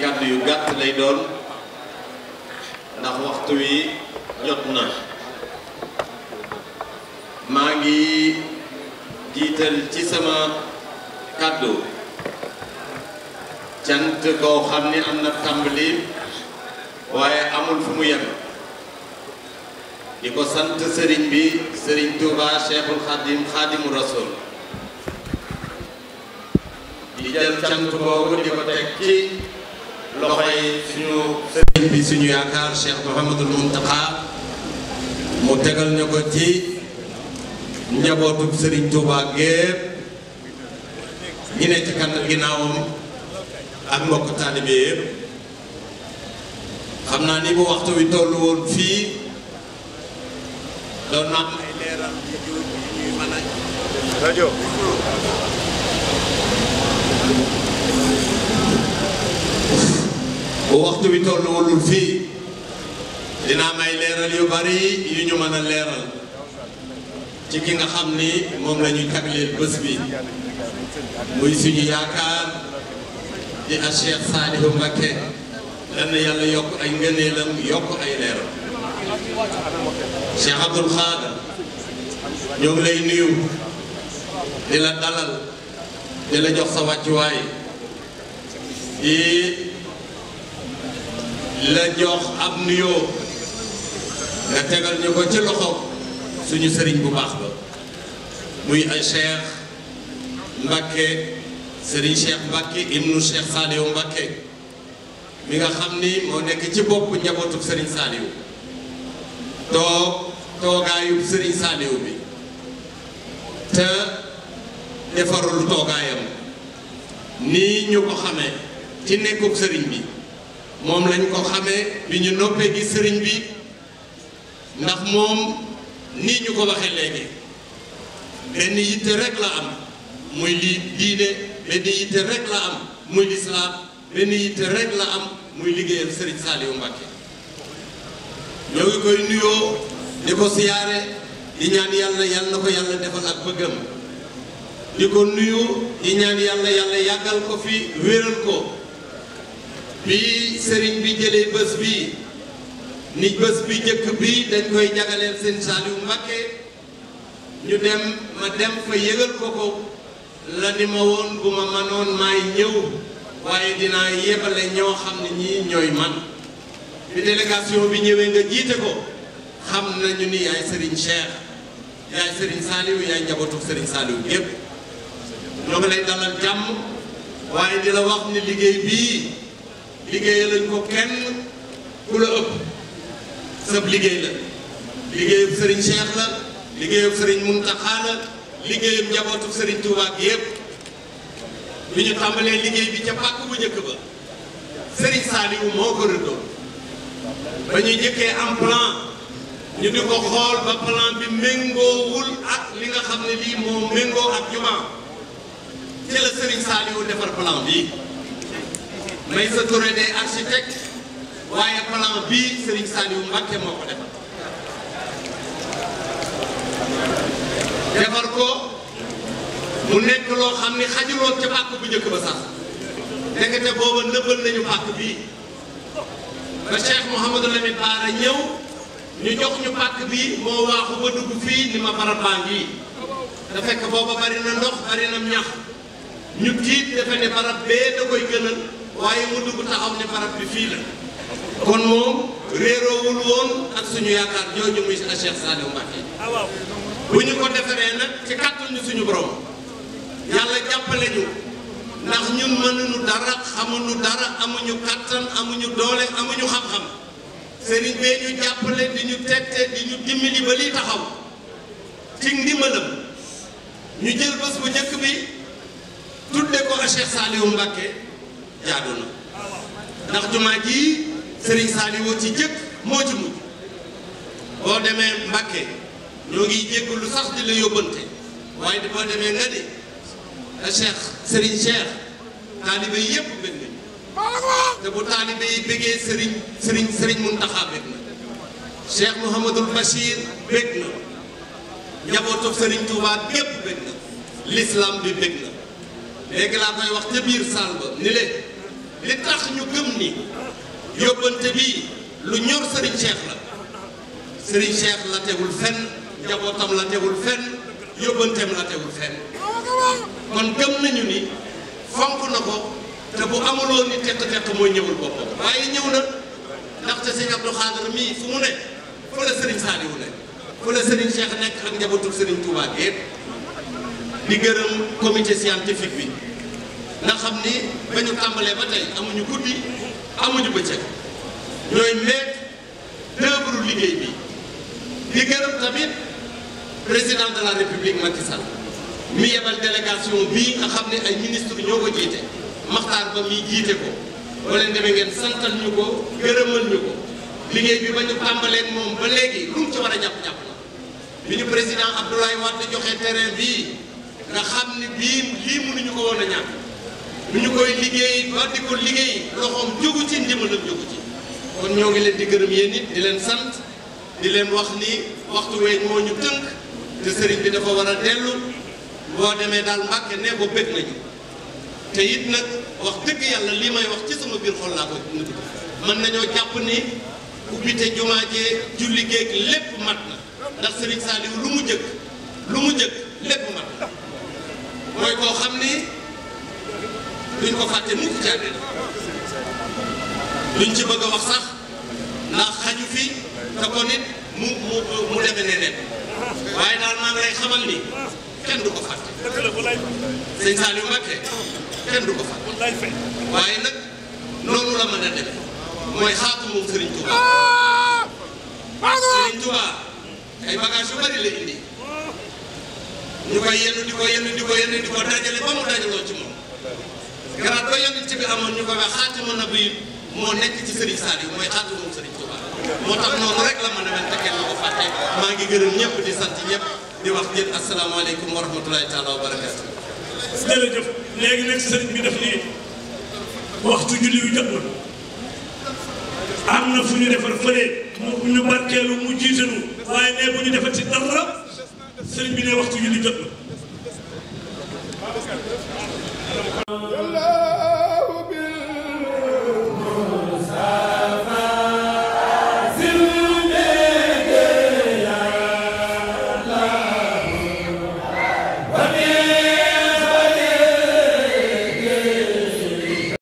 kàddu yu gàtt lay doon ndax waxtu wi jot na maa ngi diital ci sama kàddu cant koo xam ni am na tàmbali waaye amul fu mu yem di ko sant sëriñ bi sëriñ Touba Cheikhul Khadim Khadimu Rasul di jël cant boobu di ko teg ci loxoy suñu sëriñ bi suñu yaakaar Cheikh Mouhamadul Mountakha mu tegal ñu ko ci njabootu Serigne Touba gépp ñi ci kan ginnaawam ak mbokk taalibe xam naa ni bu waxtu wi tollu woon fii doon na rajo bu waxtu wi tollu woonul fii dina leeral yu bari yu ñu mën a leeral ci ki nga xam ni moom la ñu jagleel bés bi muy suñu yaakaar di a Cheikh Saalihu Mbakke lenn yàlla yokk ay ngëneelam yokk ay leeram Cheikh Abdoul Khadr ñoo lay nuyu di la dalal di la jox sa wàccuwaay di la jox ab nuyoo nga tegal ñu ko ci loxo suñu sëriñ bu baax ba muy ay Cheikh Mbacke sëriñ Cheikh Mbacke ibnu Cheikh Saliou Mbacke mi nga xam ni moo nekk ci bopp njabootu sëriñ Saliou too toogaayu sëriñ Saliou bi te defarul toogaayam nii ñu ko xamee ci nekkub sëriñ bi moom lañ ko xamee bi ñu noppee gi sëriñ bi ndax moom nii ñu ko waxee léegi benn yitte rek la am muy li diine benn yitte rek la am muy lislaam benn yitte rek la am muy liggéeyal Sëriñ Saliou Mbacké ñoo ngi koy nuyoo di ko siyaare di ñaan yàlla yàlla na ko yàlla defal ak bëggam di ko nuyu di ñaan yàlla yàlla yàggal ko fi wéral ko bi sëriñ bi jëlee bés bi ni bés bi njëkk bi dañ koy jagaleel seen Saliou Mbacké ñu dem ma dem fa yëgal ko ko la ni ma woon bu ma manoon maay ñëw waaye dinaa yebale ñoo xam ne ñii ñooy man bi délégation bi ñëwee nga jiite ko xam nañu ni yaay Serigne Cheikh yaay Serigne Saliou yaay njabootu Serigne Saliou gépp ñoo ngi lay dalal jàmm waaye di wax ni liggéey bii liggéey lañ ko kenn ku la ëpp sab liggéey la liggéeyub Serigne Cheikh la liggéeyub Serigne Mountakha la liggéeyub njabootu Serigne Touba ak yépp bi ñu tàmbalee liggéey bi ca pàkk bu njëkk ba Serigne Saliou moo ko rëddoon ba am plan ñu di ko ba plan bi méngoowul ak li nga xam ne lii moo méngoo ak jumaa ci la Serigne Saliou defar plan bi may sa Touré day architecte waaye plan bii Serigne Saliou Mbacké moo ko defal defar ko mu nekk loo xam ni xajuloon ca pàkk bu njëkk ba sax ndekete booba nëbbal nañu pàkk bii ba Cheikh Mouhamadou Lamine Bara ñëw ñu jox ñu pàkk bii moo waaxu ba dugg fii ni ma barab baa ngi da fekk booba bari na ndox bari ñax ñu tiit defe ne barab bee da koy gënal waaye mu dugg taxaw ne barab bi fii la kon moom réeroowul woon ak suñu yaakaar jooju muy Cheikh Saliou Mbacké bu ñu ko defaree nag ci kàttan ñu suñu borom yàlla jàppale ñu ndax ñun mënuñu dara xamuñu dara amuñu kàttan amuñu doole amuñu xam-xam sëriñ bee ñu jàppale di ñu tette di ñu dimbali ba liy taxaw ci ndimbalam ñu jël bés bu njëkk bi tudde ko Cheikh Saliou Mbacké jaadu na ndax jumaa ji Serigne Saliou ci jëkk moo ci boo demee Mbàkke ñoo ngi jéggalu sax di la yóbbante waaye boo demee nga ni eh, Cheikh Serigne Cheikh taalibe yépp bëgg nañu te bu taalibe yi bëggee Serigne Serigne Serigne Mountakha na Cheikh Mouhamadul Bachir bëgg na njabootu Serigne Touba gépp bëgg na l'islam bi bëgg na léegi laa koy wax ca biir saal ba ni leen li tax ñu gëm ni yóbbante bii lu ñor Serigne Cheikh la Serigne Cheikh la tegul fenn njabootam la tegul fenn yóbbanteem la tegul fenn kon gëm nañu ni fonk na ko te bu amuloo ni tekk-tekk mooy ñëwul boppam waaye ñëw na ndaxte sëñ Abdou Khadre mii fu mu ne fu la Serigne Saliou ne fu la Serigne Cheikh nekk ak njabootu Serigne Touba gépp di gërëm comité scientifique bi nga xam ni ba ñu tàmbalee ba tey amuñu guddi. amuñu bëccëg ñooy maître d'œuvre liggéey bi di gërëm tamit président de la république Macky Sall mi yebal délégation bii nga xam ne ay ministre ñoo ko jiite Makhtar Ba mi jiite ko boo leen demee ngeen santal ñu ko gërëmal ñu ko liggéey bi ba ñu tàmbaleen moom ba léegi lu ci war a jàpp-jàpp la bi ñu président Abdoulaye Wade joxe terrain bii nga xam ne bii lii mënuñu ko woon a ñàkk bi ñu koy liggéey ba di ko liggéey loxoom jógu ci ndimbalam jógu ci kon ñoo ngi leen di gërëm yéen it di leen sant di leen wax ni waxtu wee moo ñu tënk te sëriñ bi dafa war a dellu boo demee daal Mbàkke ne ko bëgg nañu te it nag wax dëgg yàlla lii may wax ci sama biir xol laa ko dund mën nañoo jàpp ni ubbite jumaa ju liggéey géeg lépp mat na ndax sëriñ Saliou lu mu jëkk lu mu jëkk lépp mat na mooy koo xam ni duñ ko fàtte mukk ci àddina duñ ci bëgg a wax sax ndax xaju fi te ko mu mu mu neneen waaye daal maa lay xamal ni kenn du ko fàtte sëñ Saliou Mbacké kenn du ko fàtte waaye nag noonu la mën a demee mooy xaatu sëriñ Touba sëriñ Touba ay bagage bari la indi ñu ko yenn di ko yenn di ko dajale ba mu dajaloo ci moom garaat ba yonent bi amoon ñu koy wax xaatimu nabiyin moo nekk ci Serigne Saliou mooy xaatimu Serigne Touba moo tax noonu rek la mën a mel te kenn ko fàtte maa ngi gërëm ñëpp di sant ñëpp di wax jën asalaamaaleykum wa rahmatulahi taala wa barakatu jërëjëf waxtu julli yu mu